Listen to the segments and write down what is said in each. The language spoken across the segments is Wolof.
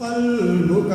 قلبك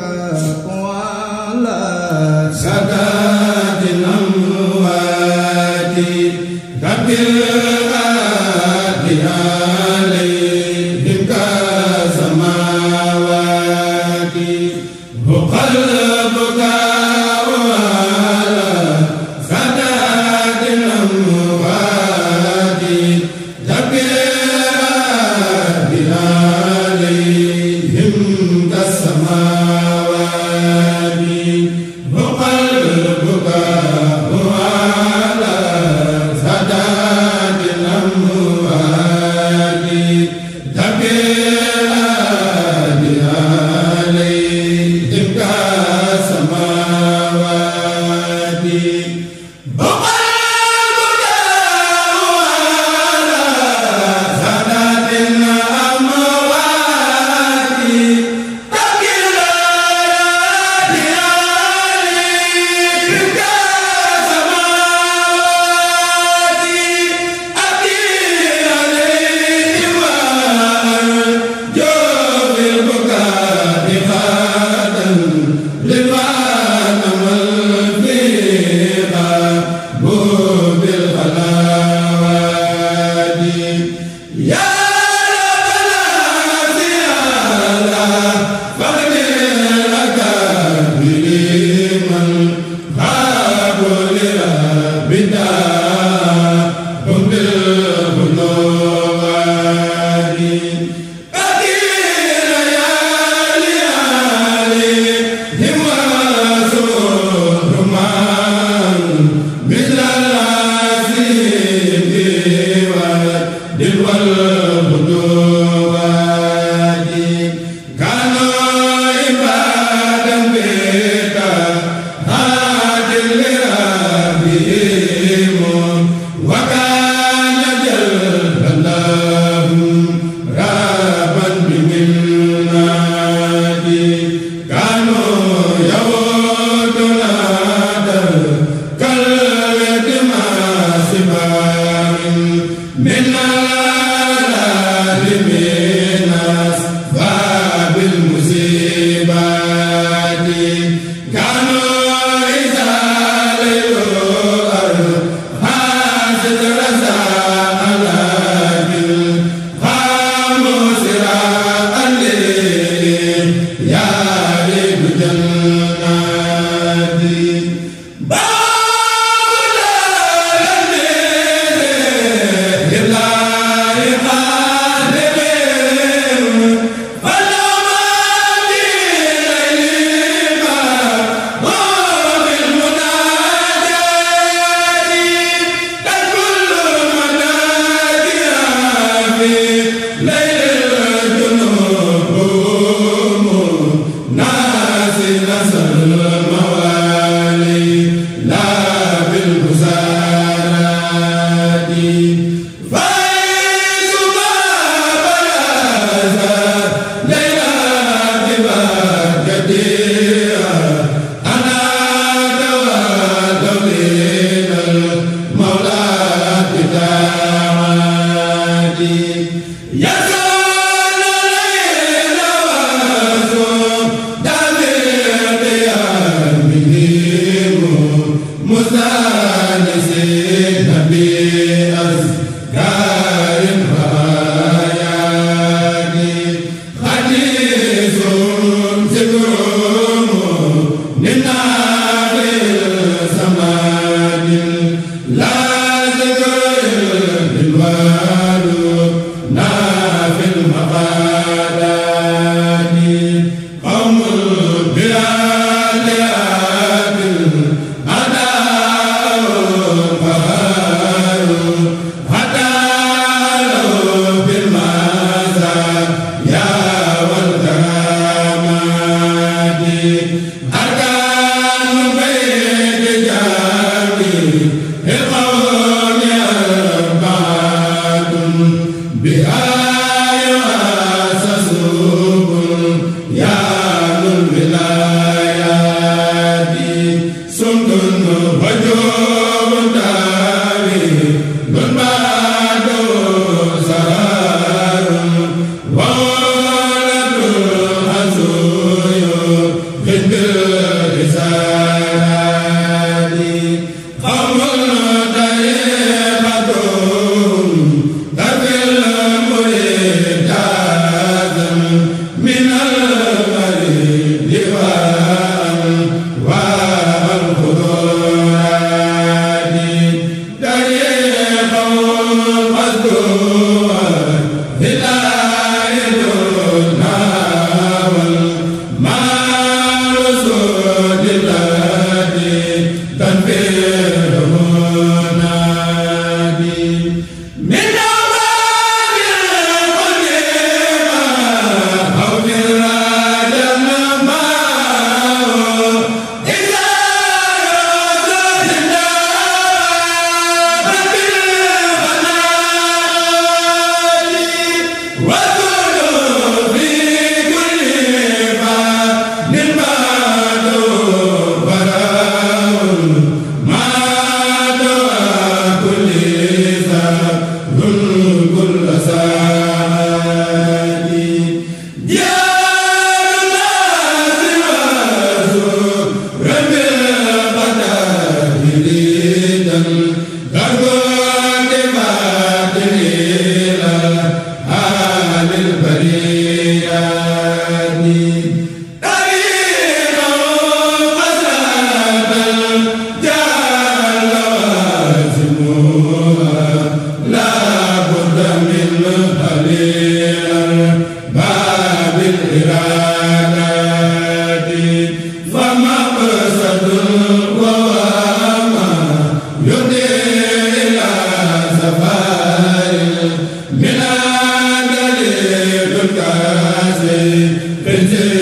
Amen.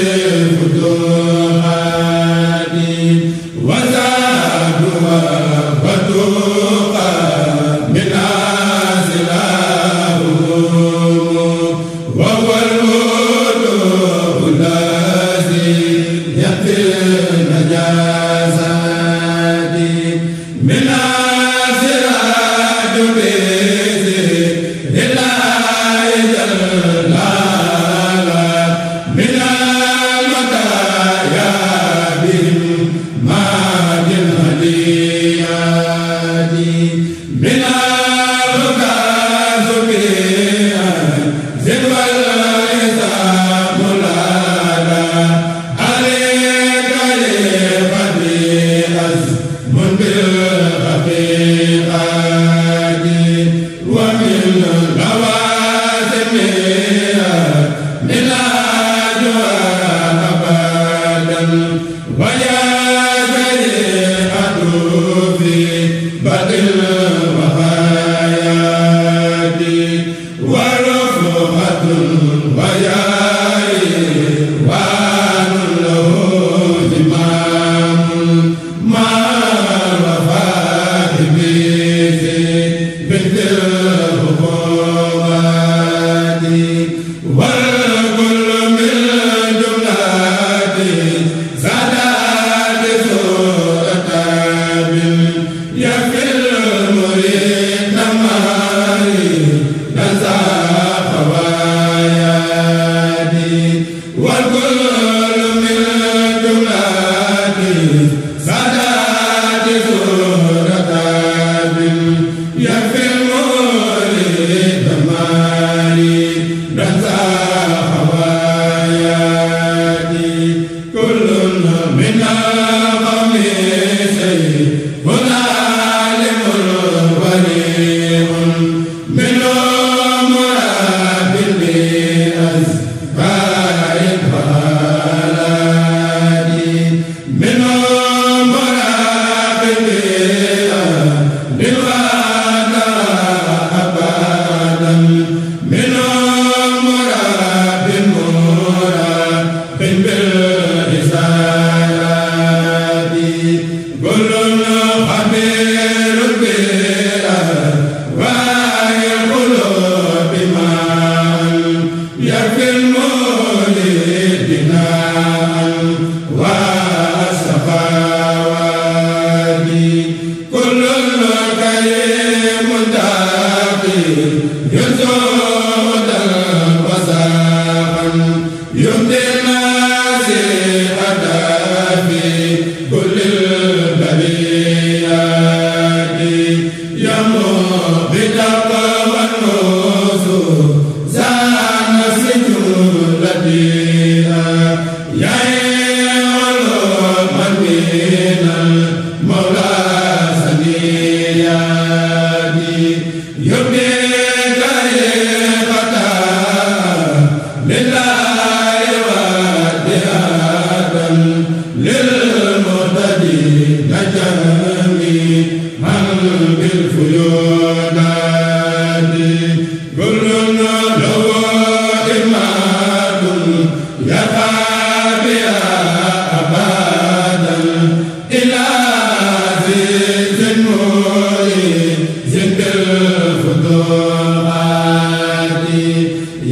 bi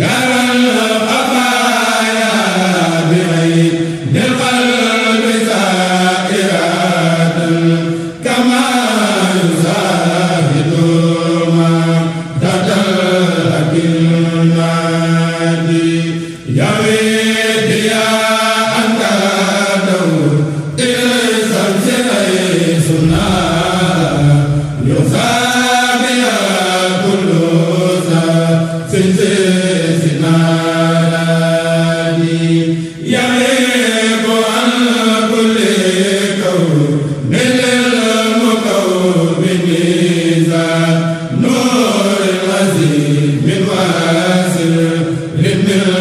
yaa من واسل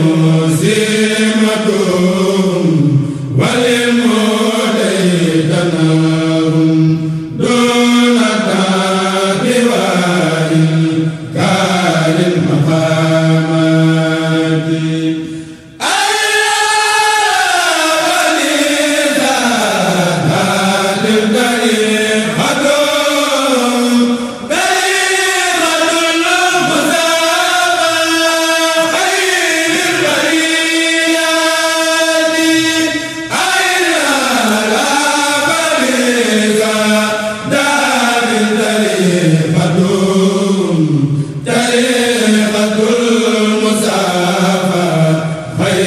المزيمة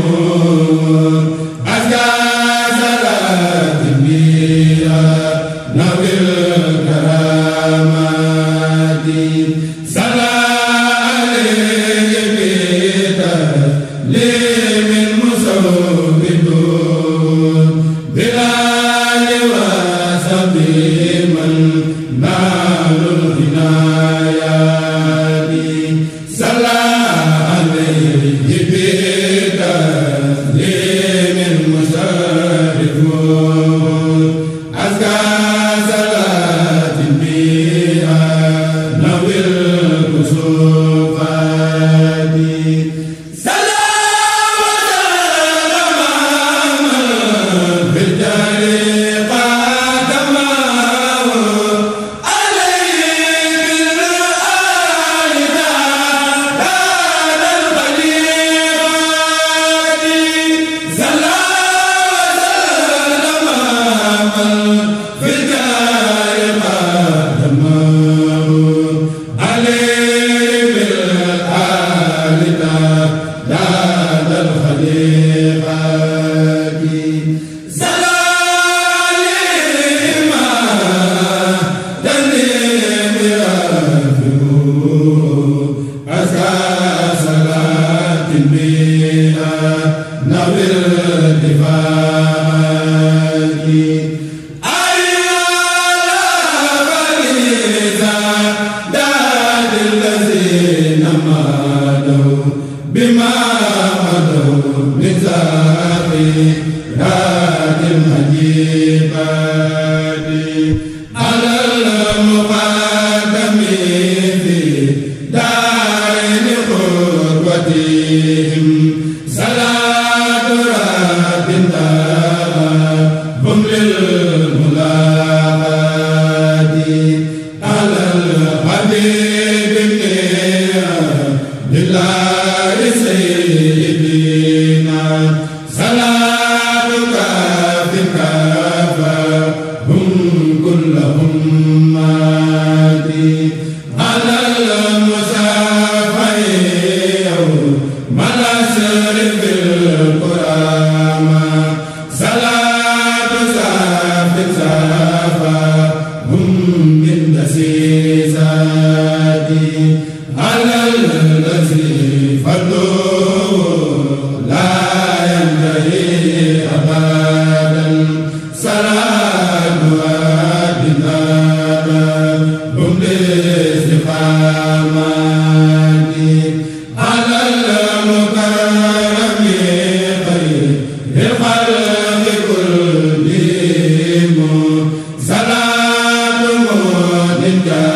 moo كل همات على daa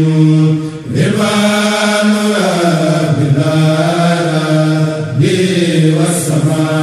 السماء